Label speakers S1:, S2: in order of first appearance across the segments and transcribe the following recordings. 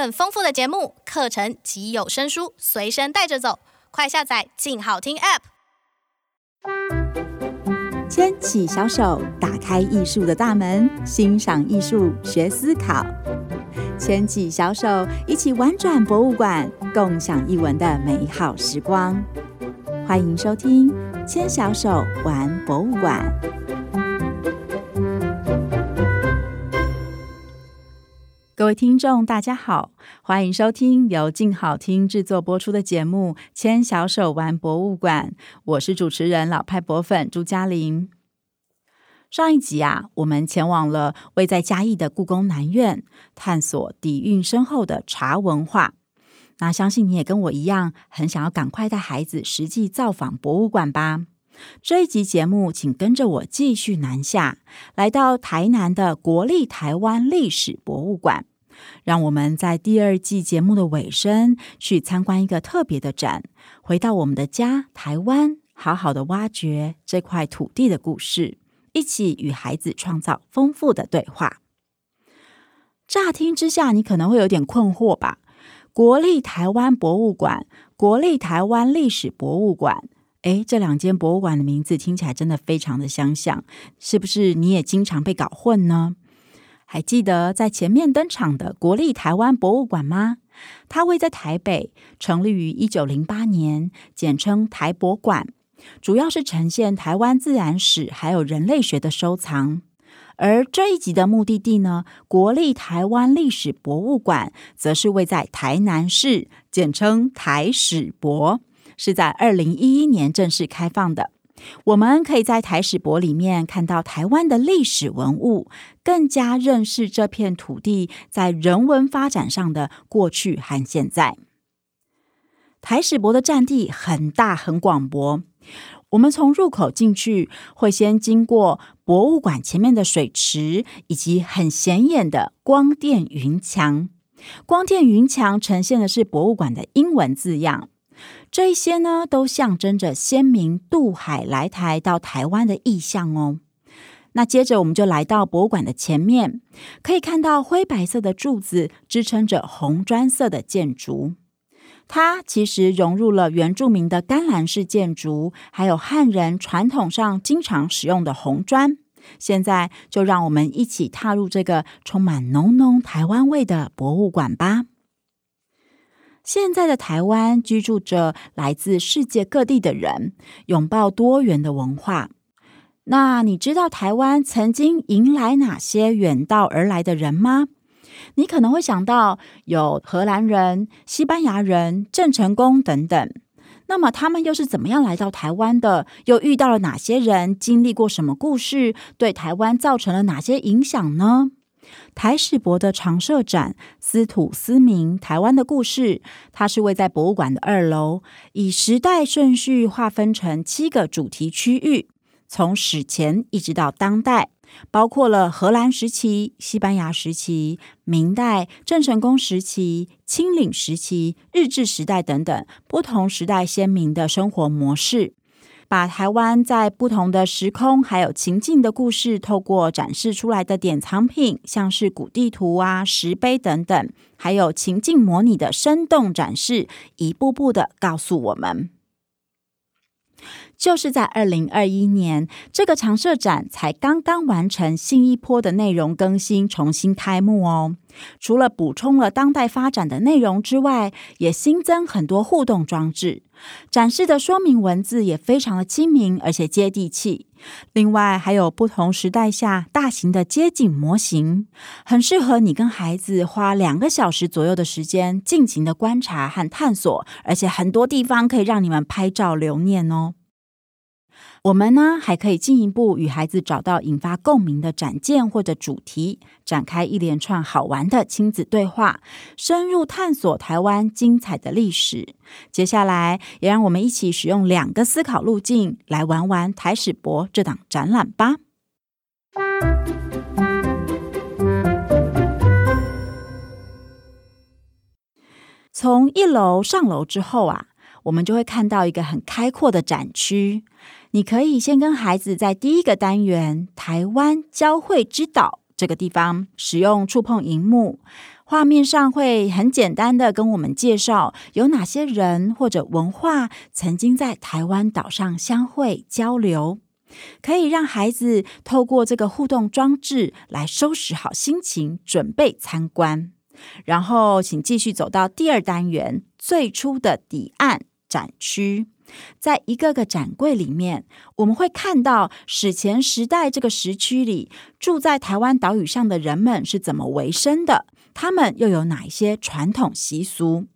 S1: 很豐富的節目、課程及有聲書隨身帶着走，快下載“靜好聽 ”App。牽起小手，打開藝術的大門，欣賞藝術，學思考。牽起小手，一起玩轉博物館，共享一文的美好時光。歡迎收聽《牽小手玩博物館》。各位聽眾，大家好，歡迎收聽由靜好聽製作播出的節目《牽小手玩博物館》，我是主持人老派博粉朱家琳。上一集啊，我們前往了位在嘉義的故宮南院，探索底蘊深厚的茶文化。那相信你也跟我一樣，很想要趕快帶孩子實際造訪博物館吧？這一集節目，請跟着我繼續南下，來到台南的國立台灣歷史博物館。讓我們在第二季節目的尾聲，去參觀一個特別的展，回到我們的家台灣，好好的挖掘這塊土地的故事，一起與孩子創造豐富的對話。乍聽之下，你可能會有點困惑吧？國立台灣博物館、國立台灣歷史博物館，誒，這兩間博物館的名字聽起來真的非常的相像，是不是你也經常被搞混呢？還記得在前面登場的國立台灣博物館嗎？它位在台北，成立於一九零八年，簡稱台博館，主要是呈現台灣自然史還有人類學的收藏。而這一集的目的地呢，國立台灣歷史博物館，則是位在台南市，簡稱台史博，是在二零一一年正式開放的。我們可以在台史博裡面看到台灣的歷史文物，更加認識這片土地在人文發展上的過去和現在。台史博的占地很大很廣博，我們從入口進去，會先經過博物館前面的水池，以及很顯眼的光電雲牆。光電雲牆呈現的是博物館的英文字樣。這一些呢，都象徵着先民渡海來台到台灣的意象哦。那接着我們就來到博物館的前面，可以看到灰白色的柱子支撐着紅磚色的建築，它其實融入了原住民的干欄式建築，還有漢人傳統上經常使用的紅磚。現在就讓我們一起踏入這個充滿濃濃台灣味的博物館吧。現在的台灣居住着來自世界各地的人，擁抱多元的文化。那你知道台灣曾經迎來哪些遠道而來的人嗎？你可能會想到有荷蘭人、西班牙人、鄭成功等等。那麼他們又是怎麼樣來到台灣的？又遇到了哪些人？經歷過什麼故事？對台灣造成了哪些影響呢？台史博的常設展「斯土斯民：台灣的故事」，它是位在博物館的二樓，以時代順序劃分成七個主題區域，從史前一直到當代，包括了荷蘭時期、西班牙時期、明代、鄭成功時期、清領時期、日治時代等等不同時代鮮明的生活模式。把台灣在不同的時空還有情境的故事，透過展示出來的典藏品，像是古地圖啊、石碑等等，還有情境模擬的生動展示，一步步的告訴我們。就是在二零二一年，這個常設展才剛剛完成新一波的內容更新，重新開幕哦。除了補充了當代發展的內容之外，也新增很多互動裝置，展示的說明文字也非常的親民，而且接地氣。另外，還有不同時代下大型的街景模型，很適合你跟孩子花兩個小時左右的時間，盡情的觀察和探索，而且很多地方可以讓你們拍照留念哦。我們呢，還可以進一步與孩子找到引發共鳴的展件或者主題，展開一連串好玩的親子對話，深入探索台灣精彩的歷史。接下來，也讓我們一起使用兩個思考路徑來玩玩台史博這檔展覽吧。從一樓上樓之後啊，我們就會看到一個很開闊的展區。你可以先跟孩子在第一個單元“台灣交匯之島”這個地方使用觸碰熒幕畫面上會很簡單的跟我們介紹有哪些人或者文化曾經在台灣島上相會交流，可以讓孩子透過這個互動裝置來收拾好心情，準備參觀。然後，請繼續走到第二單元“最初的抵岸”。展區，在一個個展櫃裡面，我們會看到史前時代這個時區裡住在台灣島嶼上的人們是怎麼維生的，他們又有哪一些傳統習俗？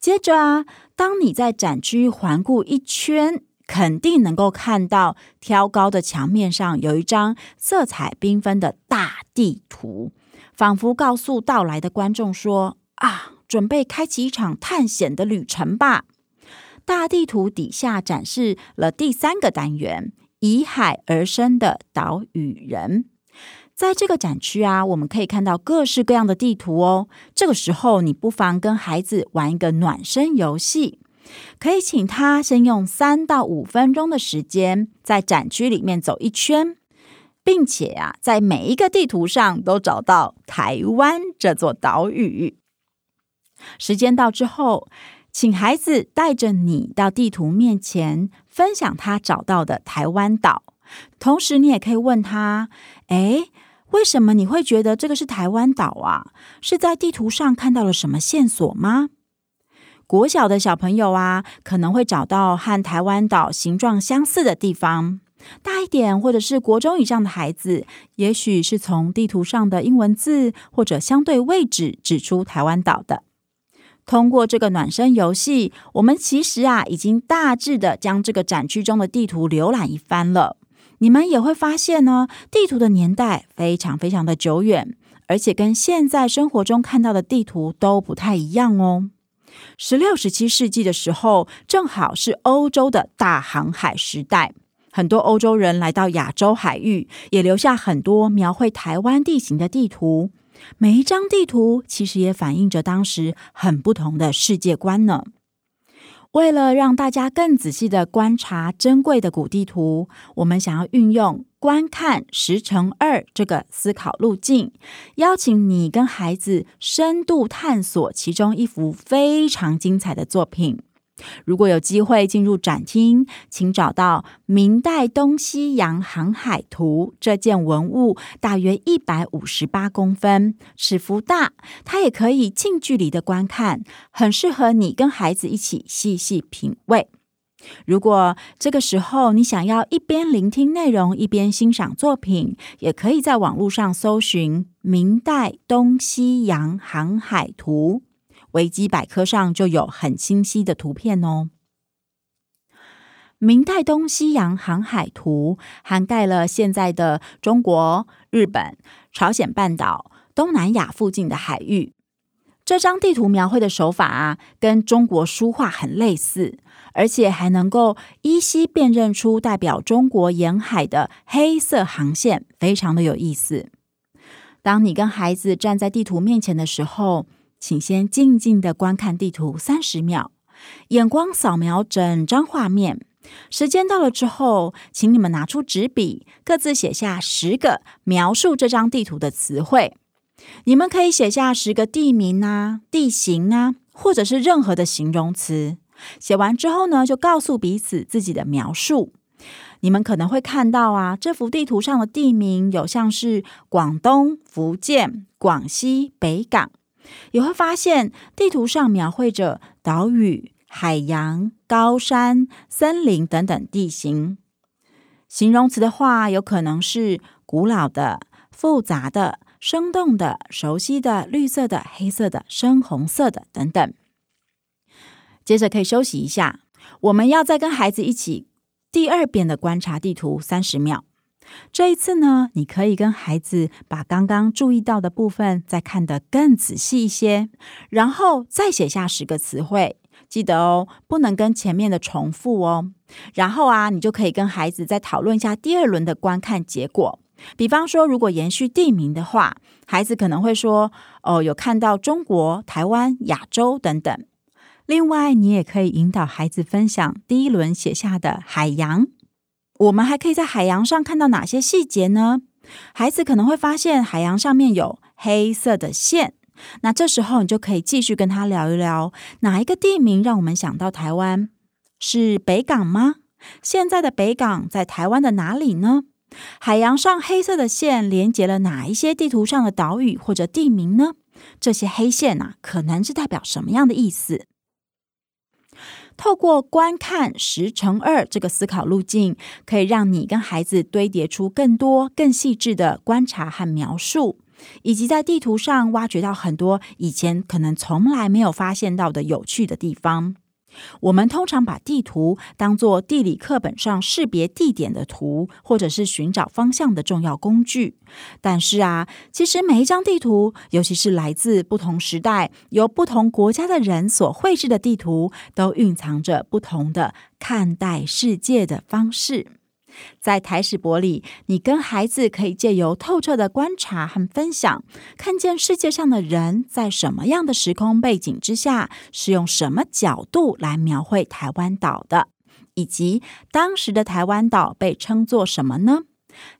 S1: 接着啊，當你在展區環顧一圈，肯定能夠看到挑高的牆面上有一張色彩繽紛的大地圖，仿佛告訴到來的觀眾說：“啊，準備開啟一場探險的旅程吧！”大地圖底下展示了第三個單元“以海而生的島嶼人”。在這個展區啊，我們可以看到各式各樣的地圖哦。這個時候，你不妨跟孩子玩一個暖身遊戲，可以請他先用三到五分鐘的時間在展區裡面走一圈，並且啊，在每一個地圖上都找到台灣這座島嶼。時間到之後。請孩子帶着你到地圖面前，分享他找到的台灣島。同時，你也可以問他：“誒，為什麼你會覺得這個是台灣島啊？是在地圖上看到了什麼線索嗎？”國小的小朋友啊，可能會找到和台灣島形狀相似的地方；大一點或者是國中以上的孩子，也許是從地圖上的英文字或者相對位置指出台灣島的。通過這個暖身遊戲，我們其實啊已經大致的將這個展區中的地圖瀏覽一番了。你們也會發現呢，地圖的年代非常非常的久遠，而且跟現在生活中看到的地圖都不太一樣哦。十六、十七世紀的時候，正好是歐洲的大航海時代，很多歐洲人來到亞洲海域，也留下很多描繪台灣地形的地圖。每一張地圖其實也反映着當時很不同的世界觀呢。為了讓大家更仔細的觀察珍貴的古地圖，我們想要運用“觀看十乘二”這個思考路徑，邀請你跟孩子深度探索其中一幅非常精彩的作品。如果有機會進入展廳，請找到明代東西洋航海圖這件文物，大約一百五十八公分，尺幅大，它也可以近距離地觀看，很適合你跟孩子一起細細品味。如果這個時候你想要一邊聆聽內容，一邊欣賞作品，也可以在網絡上搜尋明代東西洋航海圖。維基百科上就有很清晰的圖片哦。明代東西洋航海圖涵蓋了現在的中國、日本、朝鮮半島、東南亞附近的海域。這張地圖描繪的手法啊，跟中國書畫很類似，而且還能夠依稀辨認出代表中國沿海的黑色航線，非常的有意思。當你跟孩子站在地圖面前的時候，請先靜靜地觀看地圖三十秒，眼光掃描整張畫面。時間到了之後，請你們拿出紙筆，各自寫下十個描述這張地圖的詞彙。你們可以寫下十個地名啊、地形啊，或者是任何的形容詞。寫完之後呢，就告訴彼此自己的描述。你們可能會看到啊，這幅地圖上的地名有像是廣東、福建、廣西、北港。也會發現地圖上描繪着島嶼、海洋、高山、森林等等地形。形容詞的話，有可能是古老的、複雜的、生動的、熟悉的、綠色的、黑色的、深紅色的等等。接着可以休息一下，我們要再跟孩子一起第二遍的觀察地圖三十秒。這一次呢，你可以跟孩子把剛剛注意到的部分再看得更仔細一些，然後再寫下十個詞彙，記得哦，不能跟前面的重複哦。然後啊，你就可以跟孩子再討論一下第二輪的觀看結果。比方說，如果延續地名的話，孩子可能會說：“哦，有看到中國、台灣、亞洲等等。”另外，你也可以引導孩子分享第一輪寫下的海洋。我們還可以在海洋上看到哪些細節呢？孩子可能會發現海洋上面有黑色的線，那這時候你就可以繼續跟他聊一聊，哪一個地名讓我們想到台灣？是北港嗎？現在的北港在台灣的哪裡呢？海洋上黑色的線連接了哪一些地圖上的島嶼或者地名呢？這些黑線啊，可能是代表什麼樣的意思？透過觀看十乘二這個思考路徑，可以讓你跟孩子堆疊出更多、更細緻的觀察和描述，以及在地圖上挖掘到很多以前可能從來沒有發現到的有趣的地方。我們通常把地圖當作地理課本上識別地點的圖，或者是尋找方向的重要工具。但是啊，其實每一張地圖，尤其是來自不同時代、由不同國家的人所繪制的地圖，都蘊藏着不同的看待世界的方式。在台史博裡，你跟孩子可以借由透徹的觀察和分享，看見世界上的人在什麼樣的時空背景之下，是用什麼角度來描繪台灣島的，以及當時的台灣島被稱作什麼呢？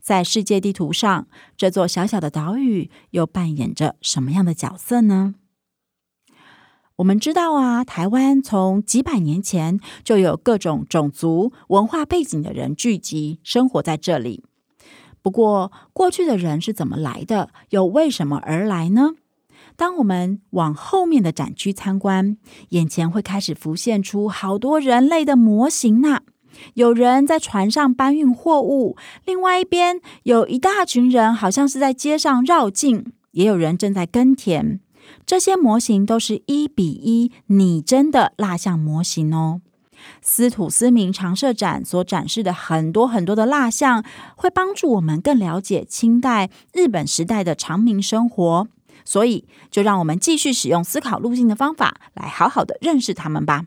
S1: 在世界地圖上，這座小小的島嶼又扮演着什麼樣的角色呢？我們知道啊，台灣從幾百年前就有各種種族文化背景的人聚集生活在這裡。不過，過去的人是怎麼來的，又為什麼而來呢？當我們往後面的展區參觀，眼前會開始浮現出好多人類的模型呢、啊。有人在船上搬運貨物，另外一邊有一大群人，好像是在街上繞境，也有人正在耕田。這些模型都是一比一擬真的蠟像模型哦。斯土斯民常設展所展示的很多很多的蠟像，會幫助我們更了解清代日本時代的常民生活。所以，就讓我們繼續使用思考路徑的方法，來好好的認識他們吧。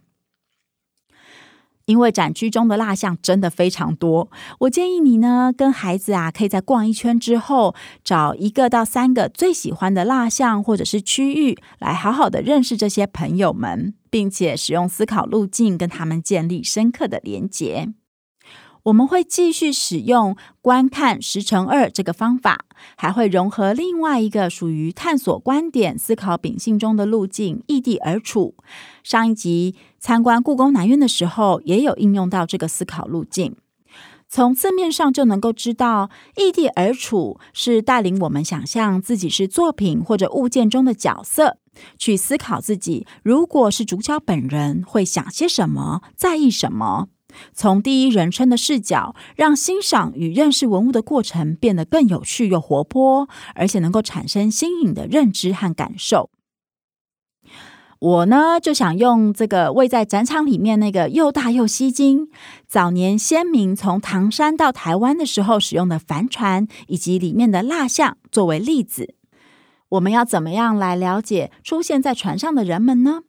S1: 因為展區中的蠟像真的非常多，我建議你呢，跟孩子啊，可以在逛一圈之後，找一個到三個最喜歡的蠟像或者是區域，來好好的認識這些朋友們，並且使用思考路徑跟他們建立深刻的連結。我們會繼續使用觀看十乘二這個方法，還會融合另外一個屬於探索觀點思考秉性中的路徑——易地而處。上一集參觀故宮南院的時候，也有應用到這個思考路徑。從字面上就能夠知道，易地而處是帶領我們想象自己是作品或者物件中的角色，去思考自己如果是主角本人會想些什麼，在意什麼。從第一人稱的視角，讓欣賞與認識文物的過程變得更有趣又活潑，而且能夠產生新穎的認知和感受。我呢，就想用這個位在展場裡面那個又大又吸睛、早年先民從唐山到台灣的時候使用的帆船，以及裡面的蠟像作為例子。我們要怎麼樣來了解出現在船上的人們呢？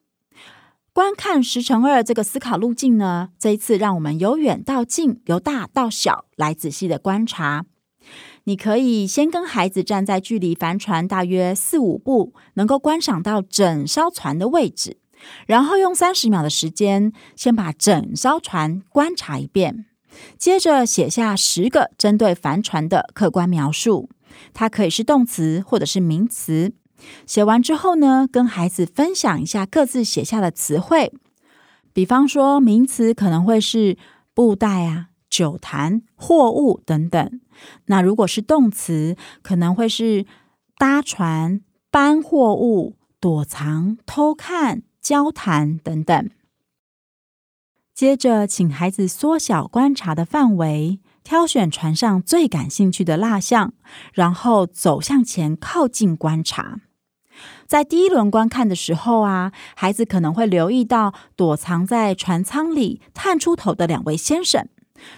S1: 觀看十乘二這個思考路徑呢，這一次讓我們由遠到近，由大到小來仔細的觀察。你可以先跟孩子站在距離帆船大約四五步，能夠觀賞到整艘船的位置，然後用三十秒的時間，先把整艘船觀察一遍，接着寫下十個針對帆船的客觀描述，它可以是動詞或者是名詞。寫完之後呢，跟孩子分享一下各自寫下的詞彙。比方說，名詞可能會是布袋啊、酒罈、貨物等等。那如果是動詞，可能會是搭船、搬貨物、躲藏、偷看、交談等等。接着，請孩子縮小觀察的範圍，挑選船上最感興趣的蠟像，然後走向前靠近觀察。在第一輪觀看的時候啊，孩子可能會留意到躲藏在船艙裡探出頭的兩位先生。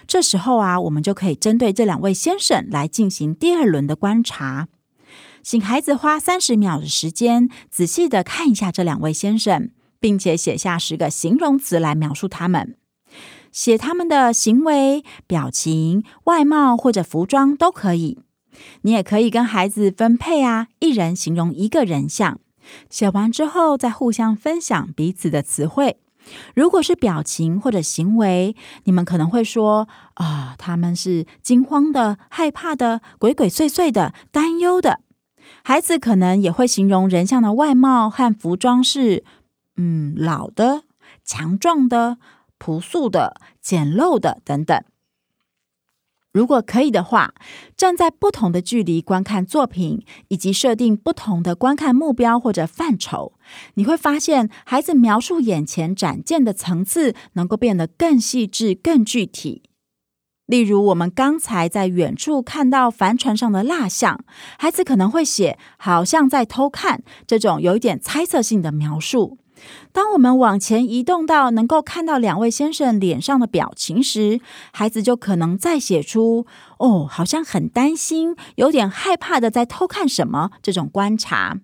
S1: 這時候啊，我們就可以針對這兩位先生來進行第二輪的觀察，請孩子花三十秒的時間，仔細的看一下這兩位先生，並且寫下十個形容詞來描述他們，寫他們的行為、表情、外貌或者服裝都可以。你也可以跟孩子分配啊，一人形容一個人像，寫完之後再互相分享彼此的詞彙。如果是表情或者行為，你們可能會說啊，哦，他們是驚慌的、害怕的、鬼鬼祟祟的、擔憂的。孩子可能也會形容人像的外貌和服裝是，嗯，老的、強壯的、樸素的、簡陋的等等。如果可以的話，站在不同的距離觀看作品，以及設定不同的觀看目標或者範疇，你會發現孩子描述眼前展件的層次能夠變得更細緻、更具體。例如，我們剛才在遠處看到帆船上的蠟像，孩子可能會寫“好像在偷看”，這種有一點猜測性的描述。當我們往前移動到能夠看到兩位先生臉上的表情時，孩子就可能再寫出“哦，好像很擔心，有點害怕地在偷看什麼”這種觀察。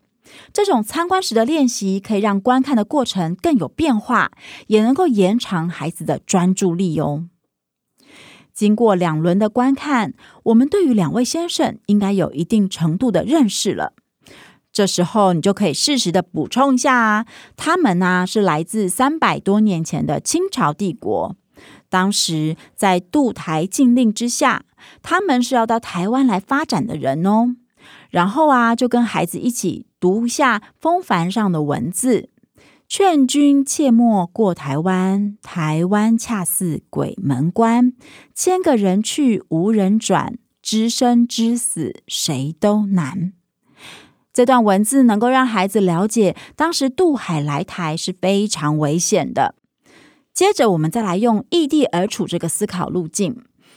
S1: 這種參觀時的練習可以讓觀看的過程更有變化，也能夠延長孩子的專注力哦。經過兩輪的觀看，我們對於兩位先生應該有一定程度的認識了。這時候，你就可以適時的補充一下啊，他們呢、啊、是來自三百多年前的清朝帝國，當時在渡台禁令之下，他們是要到台灣來發展的人哦。然後啊，就跟孩子一起讀一下《風帆》上的文字：“勸君切莫過台灣，台灣恰似鬼門關，千個人去無人轉，知生知死誰都難。”這段文字能夠讓孩子了解，當時渡海來台是非常危險的。接着，我們再來用易地而處這個思考路徑，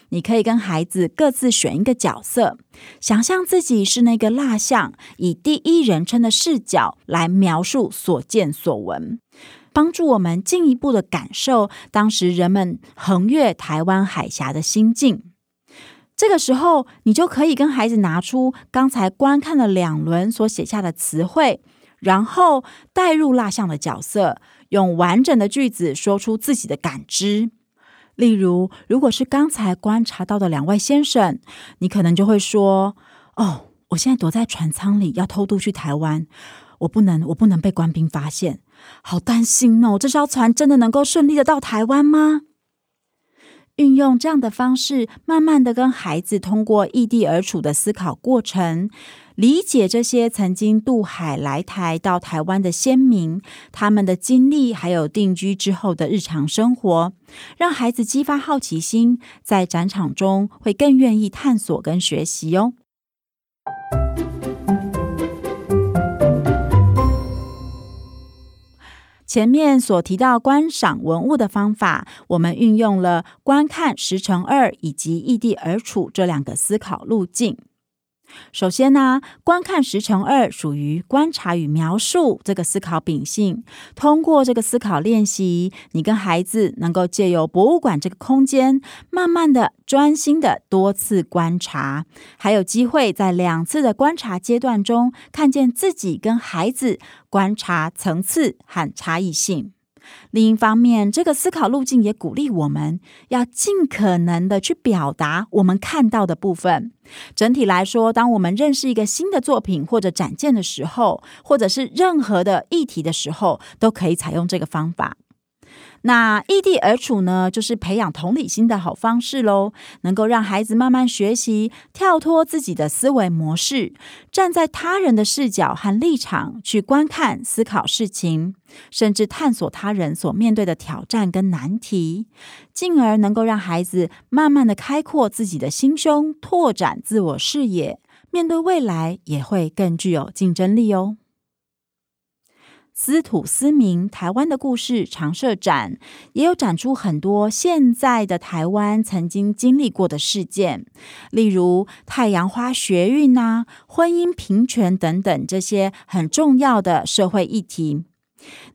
S1: 你可以跟孩子各自選一個角色，想象自己是那個蠟像，以第一人稱的視角來描述所見所聞，幫助我們進一步地感受當時人們橫越台灣海峽的心境。這個時候，你就可以跟孩子拿出剛才觀看了兩輪所寫下的詞彙，然後帶入蠟像的角色，用完整的句子說出自己的感知。例如，如果是剛才觀察到的兩位先生，你可能就會說：“哦，我現在躲在船艙裡要偷渡去台灣，我不能，我不能被官兵發現，好擔心哦！這艘船真的能夠順利的到台灣嗎？”運用這樣的方式，慢慢地跟孩子通過易地而處的思考過程，理解這些曾經渡海來台到台灣的先民他們的經歷，還有定居之後的日常生活，讓孩子激發好奇心，在展場中會更願意探索跟學習哦。前面所提到觀賞文物的方法，我們運用了觀看十乘二以及異地而處這兩個思考路徑。首先呢，觀看十乘二屬於觀察與描述這個思考秉性。通過這個思考練習，你跟孩子能夠借由博物館這個空間，慢慢的、專心的多次觀察，還有機會在兩次的觀察階段中，看見自己跟孩子觀察層次和差異性。另一方面，這個思考路徑也鼓勵我們要儘可能的去表達我們看到的部分。整體來說，當我們認識一個新的作品或者展件的時候，或者是任何的議題的時候，都可以採用這個方法。那易地而處呢，就是培養同理心的好方式嘍。能夠讓孩子慢慢學習跳脫自己的思維模式，站在他人的視角和立場去觀看、思考事情，甚至探索他人所面對的挑戰跟難題，進而能夠讓孩子慢慢地開闊自己的心胸，拓展自我視野，面對未來也會更具有競爭力哦。斯土斯民《台灣的故事》常設展，也有展出很多現在的台灣曾經經歷過的事件，例如太陽花學運啊、婚姻平權等等這些很重要的社會議題。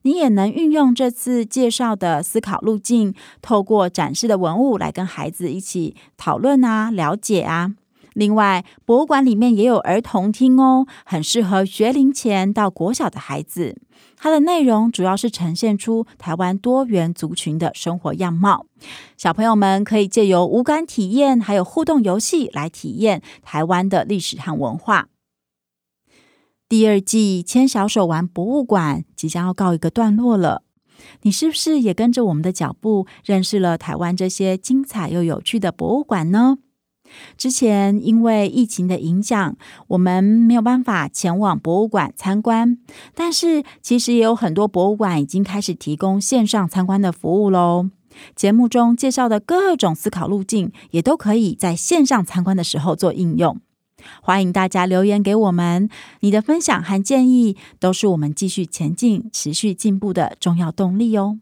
S1: 你也能運用這次介紹的思考路徑，透過展示的文物來跟孩子一起討論啊、了解啊。另外，博物館裡面也有兒童廳哦，很適合學齡前到國小的孩子。它的內容主要是呈現出台灣多元族群的生活樣貌，小朋友們可以借由五感體驗，還有互動遊戲來體驗台灣的歷史和文化。第二季牽小手玩博物館即將要告一個段落了，你是不是也跟着我們的腳步認識了台灣這些精彩又有趣的博物館呢？之前因為疫情的影響，我們沒有辦法前往博物館參觀，但是其實也有很多博物館已經開始提供線上參觀的服務嘍。節目中介紹的各種思考路徑，也都可以在線上參觀的時候做應用。歡迎大家留言給我們，你的分享和建議都是我們繼續前進、持續進步的重要動力喲。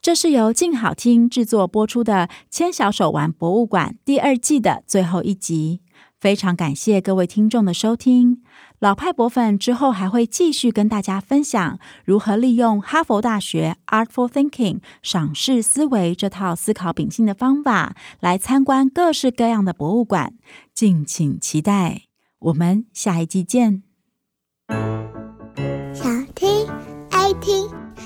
S1: 這是由靜好聽製作播出的《牽小手玩博物館》第二季的最後一集。非常感謝各位聽眾的收聽。老派博粉之後還會繼續跟大家分享如何利用哈佛大學 Artful Thinking 賞識思維這套思考秉性的方法來參觀各式各樣的博物館，敬請期待。我們下一季見。想聽，愛聽。